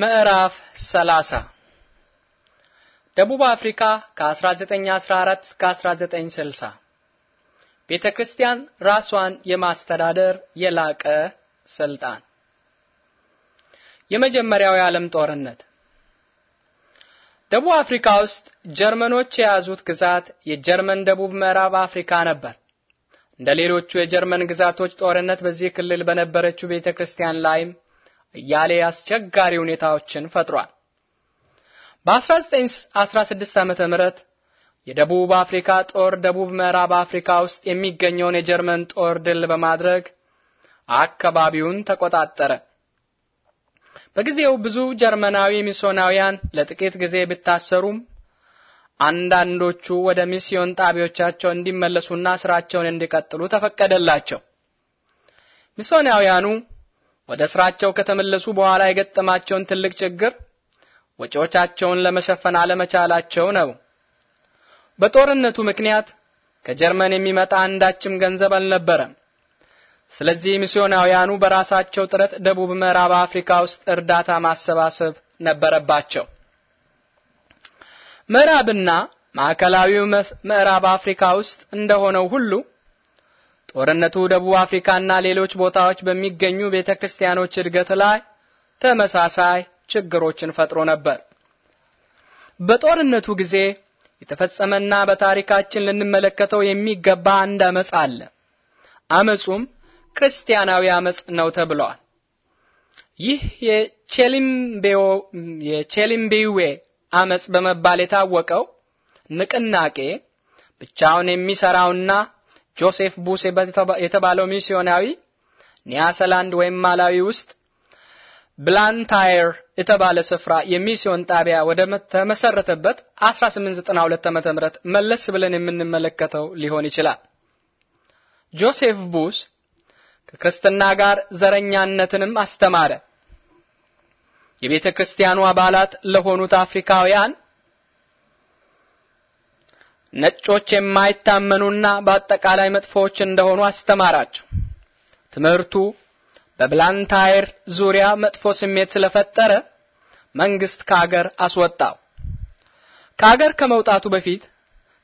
ምዕራፍ 30 ደቡብ አፍሪካ ከ1914 እስከ 1960 ቤተ ክርስቲያን ራሷን የማስተዳደር የላቀ ስልጣን። የመጀመሪያው የዓለም ጦርነት ደቡብ አፍሪካ ውስጥ ጀርመኖች የያዙት ግዛት የጀርመን ደቡብ ምዕራብ አፍሪካ ነበር። እንደ ሌሎቹ የጀርመን ግዛቶች ጦርነት በዚህ ክልል በነበረችው ቤተ ክርስቲያን ላይም እያለ አስቸጋሪ ሁኔታዎችን ፈጥሯል። በ1916 ዓመተ ምህረት የደቡብ አፍሪካ ጦር ደቡብ ምዕራብ አፍሪካ ውስጥ የሚገኘውን የጀርመን ጦር ድል በማድረግ አካባቢውን ተቆጣጠረ። በጊዜው ብዙ ጀርመናዊ ሚስዮናውያን ለጥቂት ጊዜ ቢታሰሩም አንዳንዶቹ ወደ ሚስዮን ጣቢያዎቻቸው እንዲመለሱና ስራቸውን እንዲቀጥሉ ተፈቀደላቸው። ሚስዮናውያኑ ወደ ስራቸው ከተመለሱ በኋላ የገጠማቸውን ትልቅ ችግር ወጪዎቻቸውን ለመሸፈን አለመቻላቸው ነው። በጦርነቱ ምክንያት ከጀርመን የሚመጣ አንዳችም ገንዘብ አልነበረም። ስለዚህ ሚስዮናውያኑ በራሳቸው ጥረት ደቡብ ምዕራብ አፍሪካ ውስጥ እርዳታ ማሰባሰብ ነበረባቸው። ምዕራብና ማዕከላዊው ምዕራብ አፍሪካ ውስጥ እንደሆነው ሁሉ ጦርነቱ ደቡብ አፍሪካና ሌሎች ቦታዎች በሚገኙ ቤተክርስቲያኖች እድገት ላይ ተመሳሳይ ችግሮችን ፈጥሮ ነበር። በጦርነቱ ጊዜ የተፈጸመና በታሪካችን ልንመለከተው የሚገባ አንድ አመጽ አለ። አመጹም ክርስቲያናዊ አመጽ ነው ተብሏል። ይህ የቼሊምቤዮ የቼሊምቤዌ አመጽ በመባል የታወቀው ንቅናቄ ብቻውን የሚሰራውና ጆሴፍ ቡሴ የተባለው ሚስዮናዊ ኒያሰላንድ ወይም ማላዊ ውስጥ ብላንታየር የተባለ ስፍራ የሚስዮን ጣቢያ ወደ ተመሰረተበት 1892 ዓመተ ምህረት መለስ ብለን የምንመለከተው ሊሆን ይችላል። ጆሴፍ ቡስ ከክርስትና ጋር ዘረኛነትንም አስተማረ። የቤተ ክርስቲያኑ አባላት ለሆኑት አፍሪካውያን ነጮች የማይታመኑና በአጠቃላይ መጥፎዎች እንደሆኑ አስተማራቸው። ትምህርቱ በብላንታይር ዙሪያ መጥፎ ስሜት ስለፈጠረ መንግስት ከአገር አስወጣው። ከአገር ከመውጣቱ በፊት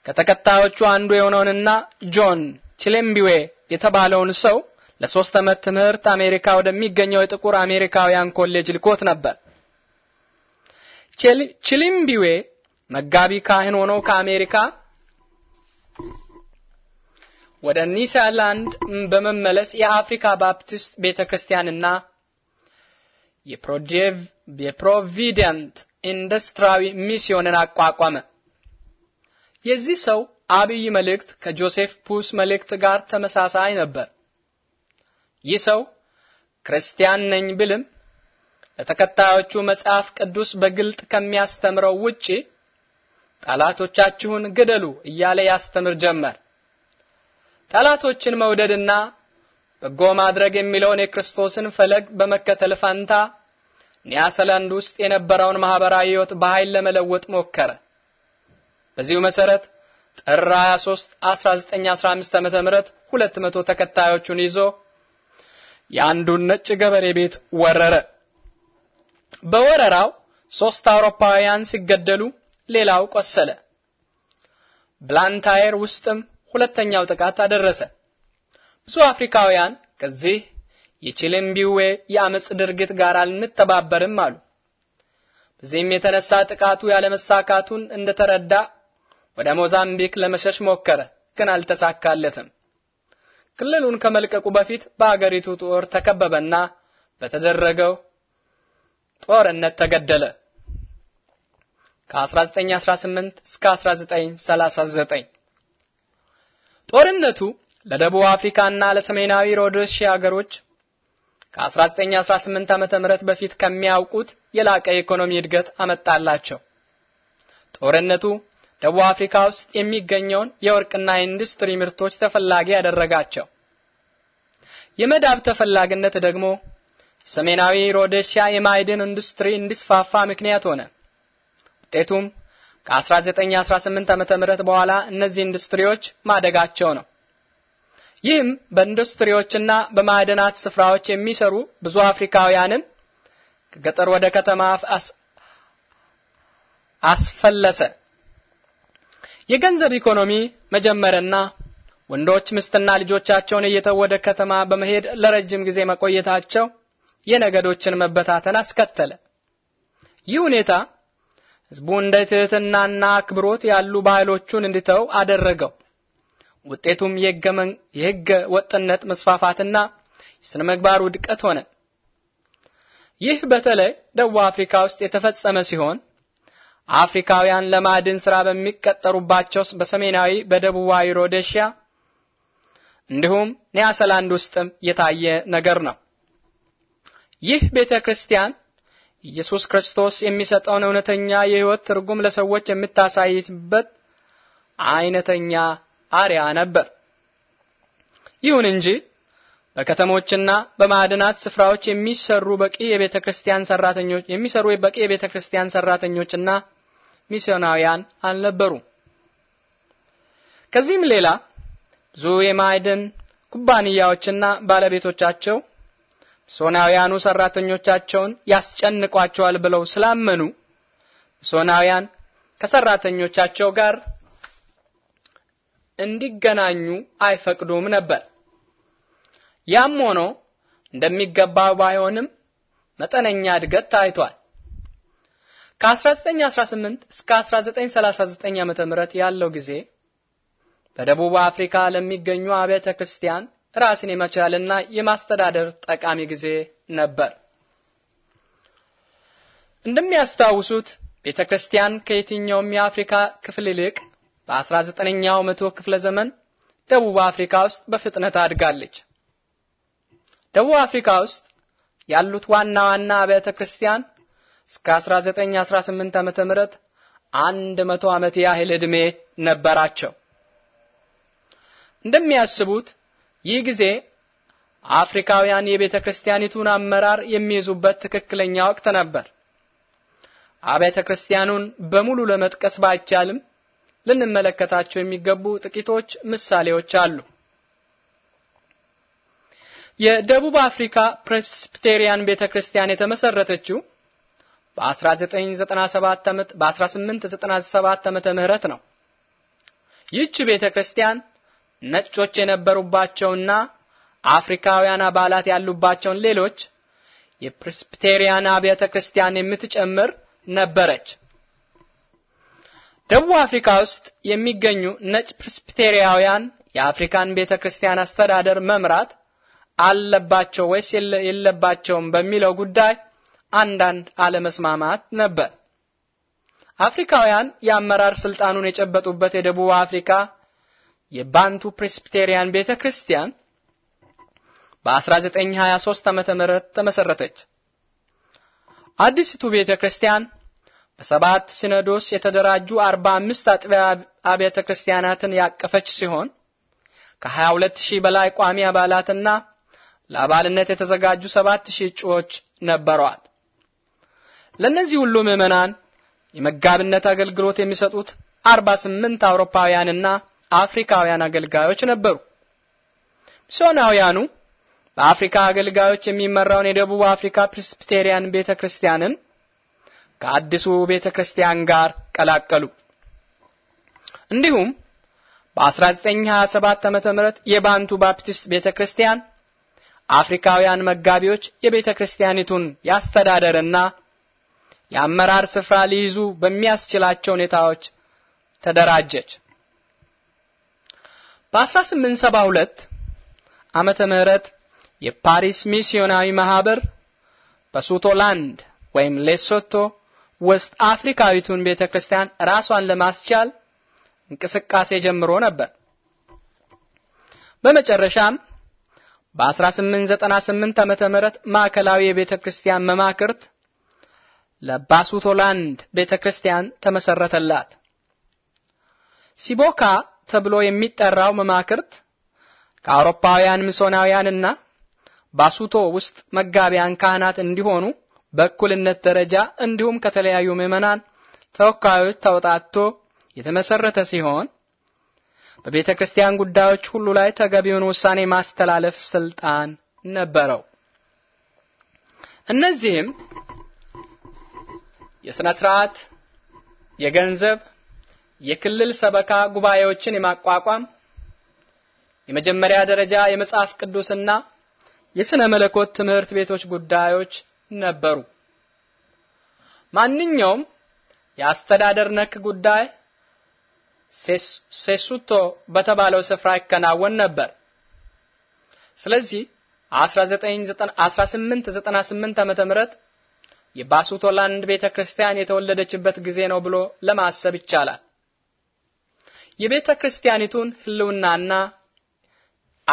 ከተከታዮቹ አንዱ የሆነውንና ጆን ችሌምቢዌ የተባለውን ሰው ለሶስት ዓመት ትምህርት አሜሪካ ወደሚገኘው የጥቁር አሜሪካውያን ኮሌጅ ልኮት ነበር። ቺሊምቢዌ መጋቢ ካህን ሆኖ ከአሜሪካ ወደ ኒውዚላንድ በመመለስ የአፍሪካ ባፕቲስት ቤተክርስቲያንና የፕሮጀቭ የፕሮቪደንት ኢንዱስትሪያዊ ሚስዮንን አቋቋመ። የዚህ ሰው አብይ መልእክት ከጆሴፍ ፑስ መልእክት ጋር ተመሳሳይ ነበር። ይህ ሰው ክርስቲያን ነኝ ብልም ለተከታዮቹ መጽሐፍ ቅዱስ በግልጥ ከሚያስተምረው ውጪ ጠላቶቻችሁን ግደሉ እያለ ያስተምር ጀመር። ጠላቶችን መውደድና በጎ ማድረግ የሚለውን የክርስቶስን ፈለግ በመከተል ፋንታ ኒያሰላንድ ውስጥ የነበረውን ማህበራዊ ህይወት በኃይል ለመለወጥ ሞከረ። በዚሁ መሰረት ጥር 23 1915 ዓ.ም 200 ተከታዮቹን ይዞ የአንዱን ነጭ ገበሬ ቤት ወረረ። በወረራው ሶስት አውሮፓውያን ሲገደሉ ሌላው ቆሰለ። ብላንታየር ውስጥም ሁለተኛው ጥቃት አደረሰ። ብዙ አፍሪካውያን ከዚህ የቺሊምቢዌ የአመጽ ድርጊት ጋር አልንተባበርም አሉ። በዚህም የተነሳ ጥቃቱ ያለመሳካቱን እንደተረዳ ወደ ሞዛምቢክ ለመሸሽ ሞከረ፣ ግን አልተሳካለትም። ክልሉን ከመልቀቁ በፊት በአገሪቱ ጦር ተከበበና በተደረገው ጦርነት ተገደለ። ከ1918 እስከ 1939 ጦርነቱ ለደቡብ አፍሪካና ለሰሜናዊ ሮዶሺያ ሀገሮች ከ1918 ዓመተ ምህረት በፊት ከሚያውቁት የላቀ የኢኮኖሚ እድገት አመጣላቸው። ጦርነቱ ደቡብ አፍሪካ ውስጥ የሚገኘውን የወርቅና የኢንዱስትሪ ምርቶች ተፈላጊ ያደረጋቸው፣ የመዳብ ተፈላጊነት ደግሞ የሰሜናዊ ሮደሻ የማዕድን ኢንዱስትሪ እንዲስፋፋ ምክንያት ሆነ። ውጤቱም ከ1918 ዓመተ ምህረት በኋላ እነዚህ ኢንዱስትሪዎች ማደጋቸው ነው። ይህም በኢንዱስትሪዎችና በማዕድናት ስፍራዎች የሚሰሩ ብዙ አፍሪካውያንን ከገጠር ወደ ከተማ አስፈለሰ። የገንዘብ ኢኮኖሚ መጀመርና ወንዶች ምስትና ልጆቻቸውን እየተው ወደ ከተማ በመሄድ ለረጅም ጊዜ መቆየታቸው የነገዶችን መበታተን አስከተለ። ይህ ሁኔታ ህዝቡ እንደ ትህትናና አክብሮት ያሉ ባህሎቹን እንዲተው አደረገው። ውጤቱም የሕገ ወጥነት መስፋፋትና የሥነ ምግባር ውድቀት ሆነ። ይህ በተለይ ደቡብ አፍሪካ ውስጥ የተፈጸመ ሲሆን አፍሪካውያን ለማዕድን ሥራ በሚቀጠሩባቸው በሰሜናዊ በደቡባዊ ሮዴሽያ እንዲሁም ኒያሰላንድ ውስጥም የታየ ነገር ነው። ይህ ቤተ ክርስቲያን ኢየሱስ ክርስቶስ የሚሰጠውን እውነተኛ የሕይወት ትርጉም ለሰዎች የምታሳይበት አይነተኛ አርያ ነበር። ይሁን እንጂ በከተሞችና በማዕድናት ስፍራዎች የሚሰሩ በቂ የቤተ ክርስቲያን ሰራተኞች የሚሰሩ በቂ የቤተ ክርስቲያን ሰራተኞችና ሚስዮናውያን አልነበሩም። ከዚህም ሌላ ብዙ የማዕድን ኩባንያዎችና ባለቤቶቻቸው ሶናውያኑ ሰራተኞቻቸውን ያስጨንቋቸዋል ብለው ስላመኑ ሶናውያን ከሰራተኞቻቸው ጋር እንዲገናኙ አይፈቅዱም ነበር። ያም ሆኖ እንደሚገባው ባይሆንም መጠነኛ እድገት ታይቷል። ከ1918 እስከ 1939 ዓ.ም ያለው ጊዜ በደቡብ አፍሪካ ለሚገኙ አብያተ ክርስቲያን ራስን የመቻልና የማስተዳደር ጠቃሚ ጊዜ ነበር። እንደሚያስታውሱት ቤተ ክርስቲያን ከየትኛውም የአፍሪካ ክፍል ይልቅ በ19ኛው መቶ ክፍለ ዘመን ደቡብ አፍሪካ ውስጥ በፍጥነት አድጋለች። ደቡብ አፍሪካ ውስጥ ያሉት ዋና ዋና አብያተ ክርስቲያን እስከ 1918 ዓመተ ምህረት 100 መቶ ዓመት ያህል ዕድሜ ነበራቸው። እንደሚያስቡት ይህ ጊዜ አፍሪካውያን የቤተ ክርስቲያኒቱን አመራር የሚይዙበት ትክክለኛ ወቅት ነበር። አብያተ ክርስቲያኑን በሙሉ ለመጥቀስ ባይቻልም ልንመለከታቸው የሚገቡ ጥቂቶች ምሳሌዎች አሉ። የደቡብ አፍሪካ ፕሬስቢቴሪያን ቤተ ክርስቲያን የተመሰረተችው በ1997 በ1897 ዓመተ ምህረት ነው። ይህች ቤተ ክርስቲያን ነጮች የነበሩባቸውና አፍሪካውያን አባላት ያሉባቸውን ሌሎች የፕሬስቢቴሪያን አብያተ ክርስቲያን የምትጨምር ነበረች። ደቡብ አፍሪካ ውስጥ የሚገኙ ነጭ ፕሬስቢቴሪያውያን የአፍሪካን ቤተ ክርስቲያን አስተዳደር መምራት አለባቸው ወይስ የለባቸውም በሚለው ጉዳይ አንዳንድ አለመስማማት ነበር። አፍሪካውያን የአመራር ስልጣኑን የጨበጡበት የደቡብ አፍሪካ የባንቱ ፕሬስቢቴሪያን ቤተ ክርስቲያን በ1923 ዓመተ ምህረት ተመሰረተች። አዲስቱ ቤተ ክርስቲያን በሰባት ሲነዶስ የተደራጁ 45 አጥቢያ አብያተ ክርስቲያናትን ያቀፈች ሲሆን ከ22000 በላይ ቋሚ አባላትና ለአባልነት የተዘጋጁ 7000 እጩዎች ነበሯት። ለእነዚህ ሁሉ ምዕመናን የመጋብነት አገልግሎት የሚሰጡት 48 አውሮፓውያንና አፍሪካውያን አገልጋዮች ነበሩ። ሚስዮናውያኑ በአፍሪካ አገልጋዮች የሚመራውን የደቡብ አፍሪካ ፕሬስቢቴሪያን ቤተክርስቲያንን ከአዲሱ ቤተክርስቲያን ጋር ቀላቀሉ። እንዲሁም በ1927 ዓም ምህረት የባንቱ ባፕቲስት ቤተክርስቲያን አፍሪካውያን መጋቢዎች የቤተክርስቲያኒቱን ያስተዳደርና የአመራር ስፍራ ሊይዙ በሚያስችላቸው ሁኔታዎች ተደራጀች። በ1872 ዓመተ ምህረት የፓሪስ ሚስዮናዊ ማህበር በሱቶላንድ ወይም ሌሶቶ ውስጥ አፍሪካዊቱን ቤተክርስቲያን ራሷን ለማስቻል እንቅስቃሴ ጀምሮ ነበር። በመጨረሻም በ1898 ዓመተ ምህረት ማዕከላዊ የቤተክርስቲያን መማክርት ለባሱቶላንድ ቤተክርስቲያን ተመሰረተላት። ሲቦካ ተብሎ የሚጠራው መማክርት ከአውሮፓውያን ምሶናውያንና ባሱቶ ውስጥ መጋቢያን ካህናት እንዲሆኑ በእኩልነት ደረጃ እንዲሁም ከተለያዩ ምዕመናን ተወካዮች ተውጣቶ የተመሰረተ ሲሆን በቤተ ክርስቲያን ጉዳዮች ሁሉ ላይ ተገቢውን ውሳኔ ማስተላለፍ ስልጣን ነበረው። እነዚህም የሥነ ሥርዓት፣ የገንዘብ፣ የክልል ሰበካ ጉባኤዎችን የማቋቋም የመጀመሪያ ደረጃ የመጽሐፍ ቅዱስና የሥነ መለኮት ትምህርት ቤቶች ጉዳዮች ነበሩ። ማንኛውም የአስተዳደር ነክ ጉዳይ ሴሱቶ በተባለው ስፍራ ይከናወን ነበር። ስለዚህ 1898 ዓመተ ምህረት የባሱቶላንድ ቤተክርስቲያን የተወለደችበት ጊዜ ነው ብሎ ለማሰብ ይቻላል። የቤተ ክርስቲያኒቱን ህልውናና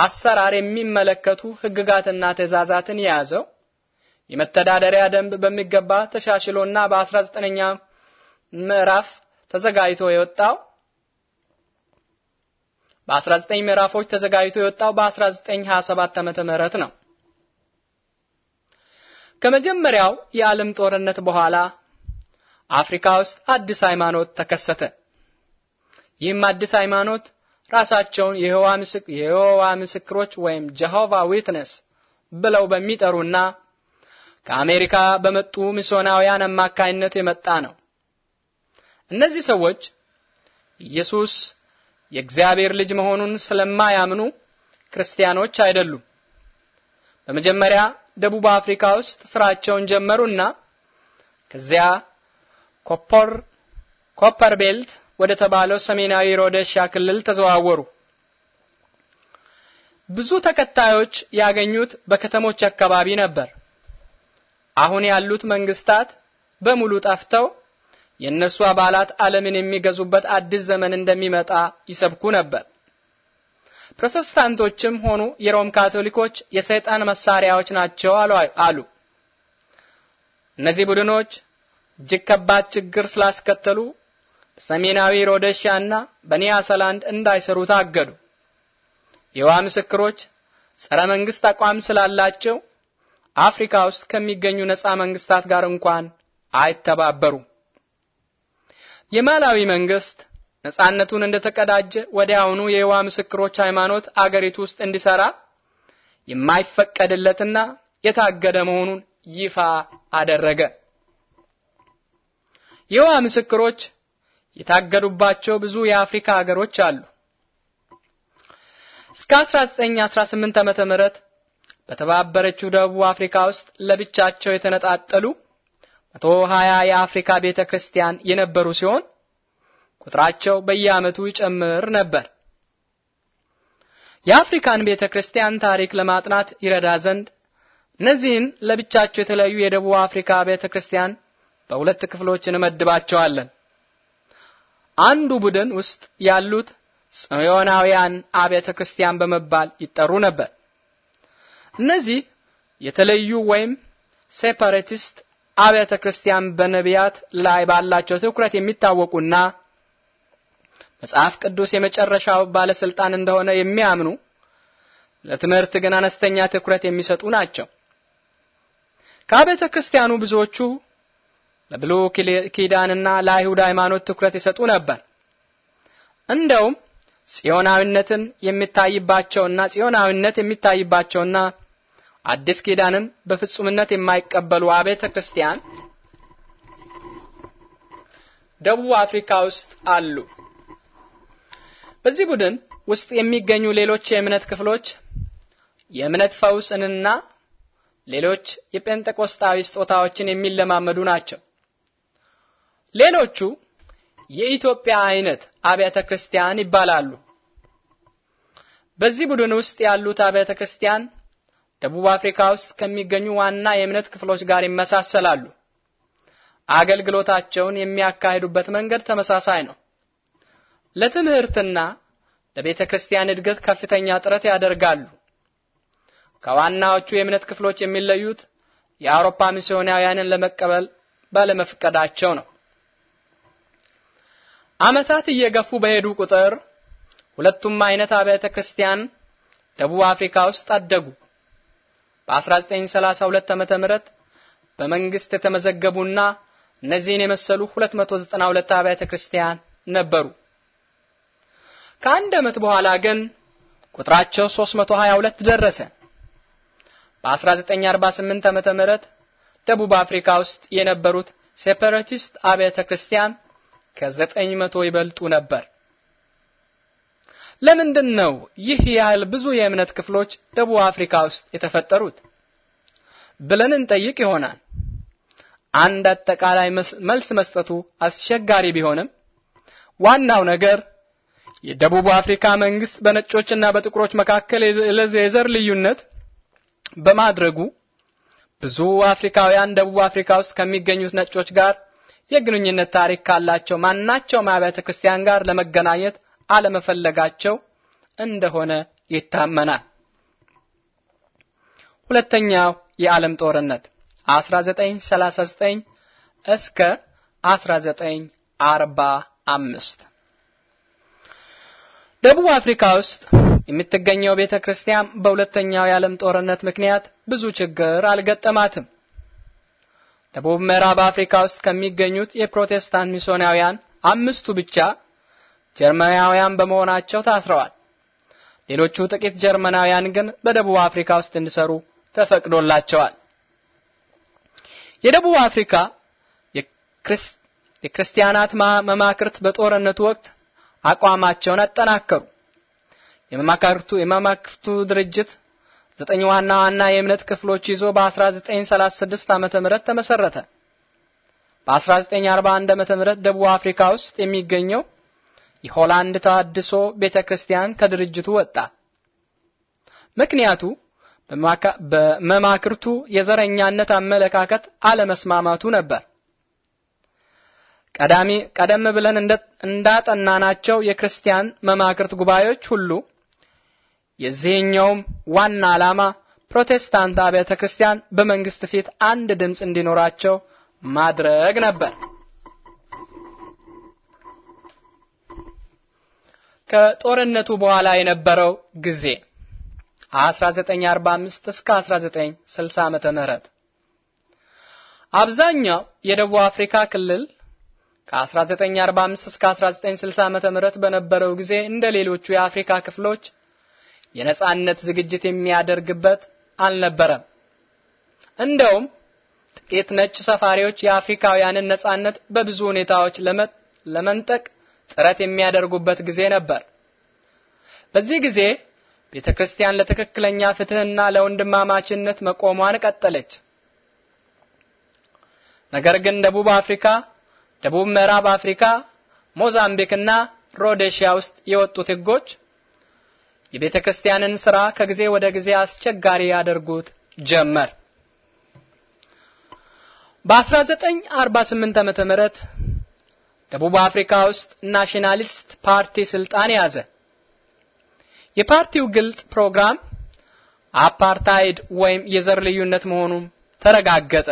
አሰራር የሚመለከቱ ህግጋትና ትእዛዛትን የያዘው የመተዳደሪያ ደንብ በሚገባ ተሻሽሎና በ19ኛ ምዕራፍ ተዘጋጅቶ የወጣው በ19 ምዕራፎች ተዘጋጅቶ የወጣው በ1927 ዓመተ ምህረት ነው። ከመጀመሪያው የዓለም ጦርነት በኋላ አፍሪካ ውስጥ አዲስ ሃይማኖት ተከሰተ። ይህም አዲስ ሃይማኖት ራሳቸውን የየሖዋ ምስክሮች ወይም ጀሆቫ ዊትነስ ብለው በሚጠሩና ከአሜሪካ በመጡ ሚስዮናውያን አማካይነት የመጣ ነው። እነዚህ ሰዎች ኢየሱስ የእግዚአብሔር ልጅ መሆኑን ስለማያምኑ ክርስቲያኖች አይደሉም። በመጀመሪያ ደቡብ አፍሪካ ውስጥ ስራቸውን ጀመሩና ከዚያ ኮፐር ኮፐር ቤልት ወደ ተባለው ሰሜናዊ ሮዴሺያ ክልል ተዘዋወሩ። ብዙ ተከታዮች ያገኙት በከተሞች አካባቢ ነበር። አሁን ያሉት መንግስታት በሙሉ ጠፍተው የእነሱ አባላት ዓለምን የሚገዙበት አዲስ ዘመን እንደሚመጣ ይሰብኩ ነበር። ፕሮቴስታንቶችም ሆኑ የሮም ካቶሊኮች የሰይጣን መሳሪያዎች ናቸው አሉ። እነዚህ ቡድኖች እጅግ ከባድ ችግር ስላስከተሉ በሰሜናዊ ሮዴሻ እና በኒያሰላንድ እንዳይሰሩ ታገዱ። የዋ ምስክሮች ጸረ መንግስት አቋም ስላላቸው አፍሪካ ውስጥ ከሚገኙ ነጻ መንግስታት ጋር እንኳን አይተባበሩ። የማላዊ መንግስት ነጻነቱን እንደተቀዳጀ ወዲያውኑ የዋ ምስክሮች ሃይማኖት አገሪቱ ውስጥ እንዲሰራ የማይፈቀድለትና የታገደ መሆኑን ይፋ አደረገ። የዋ ምስክሮች የታገዱባቸው ብዙ የአፍሪካ ሀገሮች አሉ። እስከ 1918 ዓመተ ምህረት በተባበረችው ደቡብ አፍሪካ ውስጥ ለብቻቸው የተነጣጠሉ 120 የአፍሪካ ቤተ ክርስቲያን የነበሩ ሲሆን ቁጥራቸው በየዓመቱ ይጨምር ነበር። የአፍሪካን ቤተ ክርስቲያን ታሪክ ለማጥናት ይረዳ ዘንድ እነዚህን ለብቻቸው የተለያዩ የደቡብ አፍሪካ ቤተ ክርስቲያን በሁለት ክፍሎች እንመድባቸዋለን። አንዱ ቡድን ውስጥ ያሉት ጽዮናውያን አብያተ ክርስቲያን በመባል ይጠሩ ነበር። እነዚህ የተለዩ ወይም ሴፓሬቲስት አብያተ ክርስቲያን በነቢያት ላይ ባላቸው ትኩረት የሚታወቁና መጽሐፍ ቅዱስ የመጨረሻው ባለስልጣን እንደሆነ የሚያምኑ ለትምህርት ግን አነስተኛ ትኩረት የሚሰጡ ናቸው። ከአብያተ ክርስቲያኑ ብዙዎቹ ለብሉ ኪዳንና ለአይሁድ ሃይማኖት ትኩረት ይሰጡ ነበር። እንደውም ጽዮናዊነትን የሚታይባቸውና ጽዮናዊነት የሚታይባቸውና አዲስ ኪዳንን በፍጹምነት የማይቀበሉ አቤተ ክርስቲያን ደቡብ አፍሪካ ውስጥ አሉ። በዚህ ቡድን ውስጥ የሚገኙ ሌሎች የእምነት ክፍሎች የእምነት ፈውስንና ሌሎች የጴንጠቆስጣዊ ስጦታዎችን የሚለማመዱ ናቸው። ሌሎቹ የኢትዮጵያ አይነት አብያተ ክርስቲያን ይባላሉ። በዚህ ቡድን ውስጥ ያሉት አብያተ ክርስቲያን ደቡብ አፍሪካ ውስጥ ከሚገኙ ዋና የእምነት ክፍሎች ጋር ይመሳሰላሉ። አገልግሎታቸውን የሚያካሂዱበት መንገድ ተመሳሳይ ነው። ለትምህርትና ለቤተ ክርስቲያን እድገት ከፍተኛ ጥረት ያደርጋሉ። ከዋናዎቹ የእምነት ክፍሎች የሚለዩት የአውሮፓ ሚስዮናውያንን ለመቀበል ባለመፍቀዳቸው ነው። ዓመታት እየገፉ በሄዱ ቁጥር ሁለቱም አይነት አብያተ ክርስቲያን ደቡብ አፍሪካ ውስጥ አደጉ። በ1932 ዓመተ ምህረት በመንግስት የተመዘገቡና እነዚህን የመሰሉ 292 አብያተ ክርስቲያን ነበሩ። ከአንድ ዓመት በኋላ ግን ቁጥራቸው 322 ደረሰ። በ1948 ዓመተ ምህረት ደቡብ አፍሪካ ውስጥ የነበሩት ሴፐራቲስት አብያተ ክርስቲያን ከዘጠኝ መቶ ይበልጡ ነበር። ለምንድን ነው ይህ ያህል ብዙ የእምነት ክፍሎች ደቡብ አፍሪካ ውስጥ የተፈጠሩት ብለን እንጠይቅ ይሆናል። አንድ አጠቃላይ መልስ መስጠቱ አስቸጋሪ ቢሆንም ዋናው ነገር የደቡብ አፍሪካ መንግስት በነጮችና በጥቁሮች መካከል የዘር ልዩነት በማድረጉ ብዙ አፍሪካውያን ደቡብ አፍሪካ ውስጥ ከሚገኙት ነጮች ጋር የግንኙነት ታሪክ ካላቸው ማናቸውም አብያተ ክርስቲያን ጋር ለመገናኘት አለመፈለጋቸው እንደሆነ ይታመናል። ሁለተኛው የዓለም ጦርነት 1939 እስከ 1945 ደቡብ አፍሪካ ውስጥ የምትገኘው ቤተክርስቲያን በሁለተኛው የዓለም ጦርነት ምክንያት ብዙ ችግር አልገጠማትም። ደቡብ ምዕራብ አፍሪካ ውስጥ ከሚገኙት የፕሮቴስታንት ሚስዮናውያን አምስቱ ብቻ ጀርመናውያን በመሆናቸው ታስረዋል። ሌሎቹ ጥቂት ጀርመናውያን ግን በደቡብ አፍሪካ ውስጥ እንዲሰሩ ተፈቅዶላቸዋል። የደቡብ አፍሪካ የክርስቲያናት መማክርት በጦርነቱ ወቅት አቋማቸውን አጠናከሩ። የመማክርቱ የመማክርቱ ድርጅት ዘጠኝ ዋና ዋና የእምነት ክፍሎች ይዞ በ1936 ዓመተ ምህረት ተመሰረተ። በ1941 ዓመተ ምህረት ደቡብ አፍሪካ ውስጥ የሚገኘው የሆላንድ ተሐድሶ ቤተክርስቲያን ከድርጅቱ ወጣ። ምክንያቱ በመማክርቱ የዘረኛነት አመለካከት አለመስማማቱ ነበር። ቀዳሚ ቀደም ብለን እንዳጠናናቸው የክርስቲያን መማክርት ጉባኤዎች ሁሉ የዚህኛውም ዋና ዓላማ ፕሮቴስታንት አብያተ ክርስቲያን በመንግስት ፊት አንድ ድምፅ እንዲኖራቸው ማድረግ ነበር። ከጦርነቱ በኋላ የነበረው ጊዜ 1945 እስከ 1960 ዓመተ ምህረት አብዛኛው የደቡብ አፍሪካ ክልል ከ1945 እስከ 1960 ዓመተ ምህረት በነበረው ጊዜ እንደ ሌሎቹ የአፍሪካ ክፍሎች የነጻነት ዝግጅት የሚያደርግበት አልነበረም። እንደውም ጥቂት ነጭ ሰፋሪዎች የአፍሪካውያንን ነጻነት በብዙ ሁኔታዎች ለመንጠቅ ጥረት የሚያደርጉበት ጊዜ ነበር። በዚህ ጊዜ ቤተ ክርስቲያን ለትክክለኛ ፍትህና ለወንድማማችነት መቆሟን ቀጠለች። ነገር ግን ደቡብ አፍሪካ፣ ደቡብ ምዕራብ አፍሪካ፣ ሞዛምቢክና ሮዴሺያ ውስጥ የወጡት ህጎች የቤተ ክርስቲያንን ሥራ ከጊዜ ወደ ጊዜ አስቸጋሪ ያደርጉት ጀመር። በ1948 ዓመተ ምህረት ደቡብ አፍሪካ ውስጥ ናሽናሊስት ፓርቲ ስልጣን ያዘ። የፓርቲው ግልጥ ፕሮግራም አፓርታይድ ወይም የዘር ልዩነት መሆኑም ተረጋገጠ።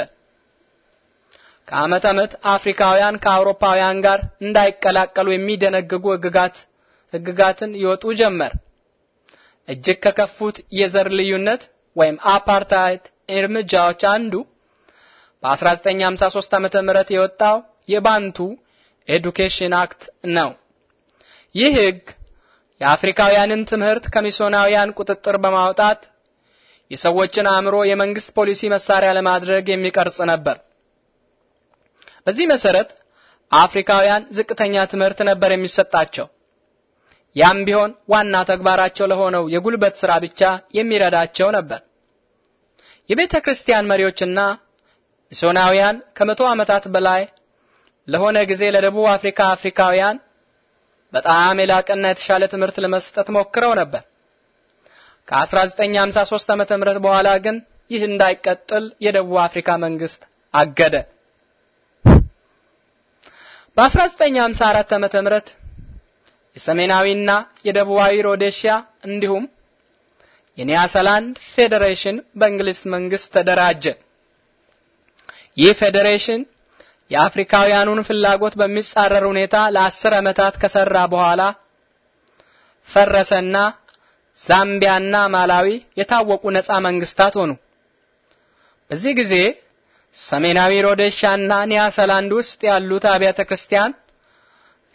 ከዓመት ዓመት አፍሪካውያን ከአውሮፓውያን ጋር እንዳይቀላቀሉ የሚደነግጉ ህግጋትን ይወጡ ጀመር። እጅግ ከከፉት የዘር ልዩነት ወይም አፓርታይድ እርምጃዎች አንዱ በ1953 ዓመተ ምህረት የወጣው የባንቱ ኤዱኬሽን አክት ነው። ይህ የአፍሪካውያንን ትምህርት ከሚስዮናውያን ቁጥጥር በማውጣት የሰዎችን አእምሮ የመንግስት ፖሊሲ መሳሪያ ለማድረግ የሚቀርጽ ነበር። በዚህ መሰረት አፍሪካውያን ዝቅተኛ ትምህርት ነበር የሚሰጣቸው። ያም ቢሆን ዋና ተግባራቸው ለሆነው የጉልበት ሥራ ብቻ የሚረዳቸው ነበር። የቤተ ክርስቲያን መሪዎችና ሚስዮናውያን ከመቶ ዓመታት በላይ ለሆነ ጊዜ ለደቡብ አፍሪካ አፍሪካውያን በጣም የላቀና የተሻለ ትምህርት ለመስጠት ሞክረው ነበር። ከ1953 ዓመተ ምህረት በኋላ ግን ይህ እንዳይቀጥል የደቡብ አፍሪካ መንግስት አገደ። በ1954 ዓመተ ምህረት የሰሜናዊና የደቡባዊ ሮዴሺያ እንዲሁም የኒያሰላንድ ፌዴሬሽን በእንግሊዝ መንግስት ተደራጀ። ይህ ፌዴሬሽን የአፍሪካውያኑን ፍላጎት በሚጻረር ሁኔታ ለአስር ዓመታት ከሰራ በኋላ ፈረሰና ዛምቢያና ማላዊ የታወቁ ነፃ መንግስታት ሆኑ። በዚህ ጊዜ ሰሜናዊ ሮዴሻና ኒያሰላንድ ውስጥ ያሉት አብያተ ክርስቲያን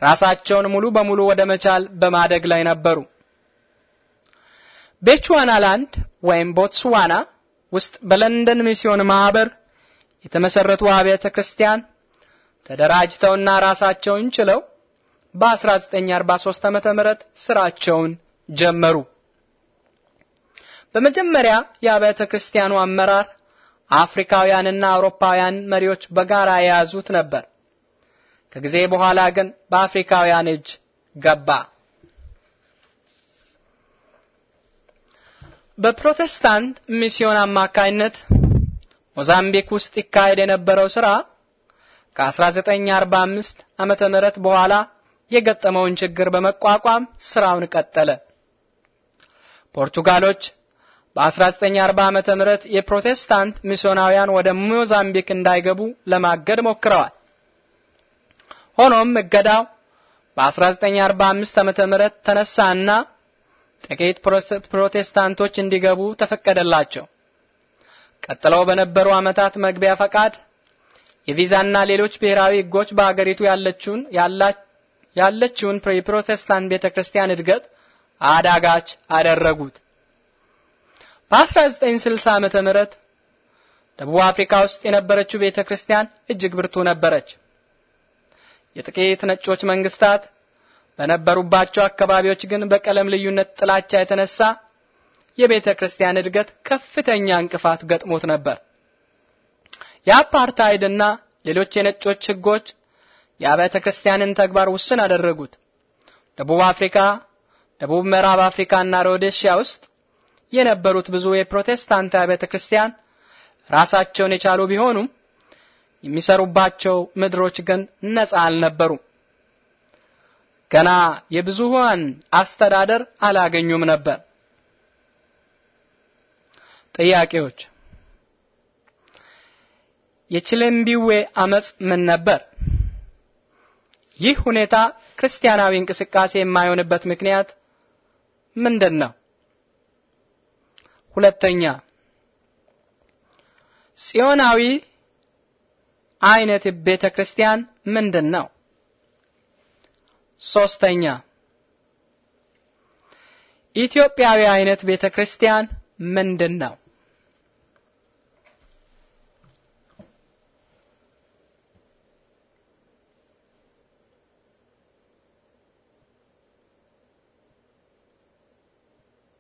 ራሳቸውን ሙሉ በሙሉ ወደ መቻል በማደግ ላይ ነበሩ። ቤቹዋናላንድ ወይም ቦትስዋና ውስጥ በለንደን ሚስዮን ማህበር የተመሰረቱ አብያተ ክርስቲያን ተደራጅተውና ራሳቸውን ችለው በ1943 ዓመተ ምህረት ስራቸውን ጀመሩ። በመጀመሪያ የአብያተ ክርስቲያኑ አመራር አፍሪካውያንና አውሮፓውያን መሪዎች በጋራ የያዙት ነበር። ከጊዜ በኋላ ግን በአፍሪካውያን እጅ ገባ። በፕሮቴስታንት ሚስዮን አማካይነት ሞዛምቢክ ውስጥ ይካሄድ የነበረው ስራ ከ1945 ዓመተ ምህረት በኋላ የገጠመውን ችግር በመቋቋም ስራውን ቀጠለ። ፖርቱጋሎች በ1940 ዓመተ ምህረት የፕሮቴስታንት ሚስዮናውያን ወደ ሞዛምቢክ እንዳይገቡ ለማገድ ሞክረዋል። ሆኖም እገዳው በ1945 ዓመተ ምህረት ተነሳና ጥቂት ፕሮቴስታንቶች እንዲገቡ ተፈቀደላቸው። ቀጥለው በነበሩ ዓመታት መግቢያ ፈቃድ፣ የቪዛና ሌሎች ብሔራዊ ሕጎች በአገሪቱ ያለችውን ያለችውን የፕሮቴስታንት ቤተክርስቲያን እድገት አዳጋች አደረጉት። በ1960 ዓመተ ምህረት ደቡብ አፍሪካ ውስጥ የነበረችው ቤተክርስቲያን እጅግ ብርቱ ነበረች። የጥቂት ነጮች መንግስታት በነበሩባቸው አካባቢዎች ግን በቀለም ልዩነት ጥላቻ የተነሳ የቤተ ክርስቲያን እድገት ከፍተኛ እንቅፋት ገጥሞት ነበር። የአፓርታይድና ሌሎች የነጮች ህጎች የአብያተ ክርስቲያንን ተግባር ውስን አደረጉት። ደቡብ አፍሪካ፣ ደቡብ ምዕራብ አፍሪካና ሮዴሽያ ውስጥ የነበሩት ብዙ የፕሮቴስታንት አብያተ ክርስቲያን ራሳቸውን የቻሉ ቢሆኑም የሚሰሩባቸው ምድሮች ግን ነፃ አልነበሩም። ገና የብዙሃን አስተዳደር አላገኙም ነበር። ጥያቄዎች የችለምቢዌ አመጽ ምን ነበር? ይህ ሁኔታ ክርስቲያናዊ እንቅስቃሴ የማይሆንበት ምክንያት ምንድን ነው? ሁለተኛ ጽዮናዊ አይነት ቤተ ክርስቲያን ምንድን ነው? ሶስተኛ ኢትዮጵያዊ አይነት ቤተ ክርስቲያን ምንድን ነው?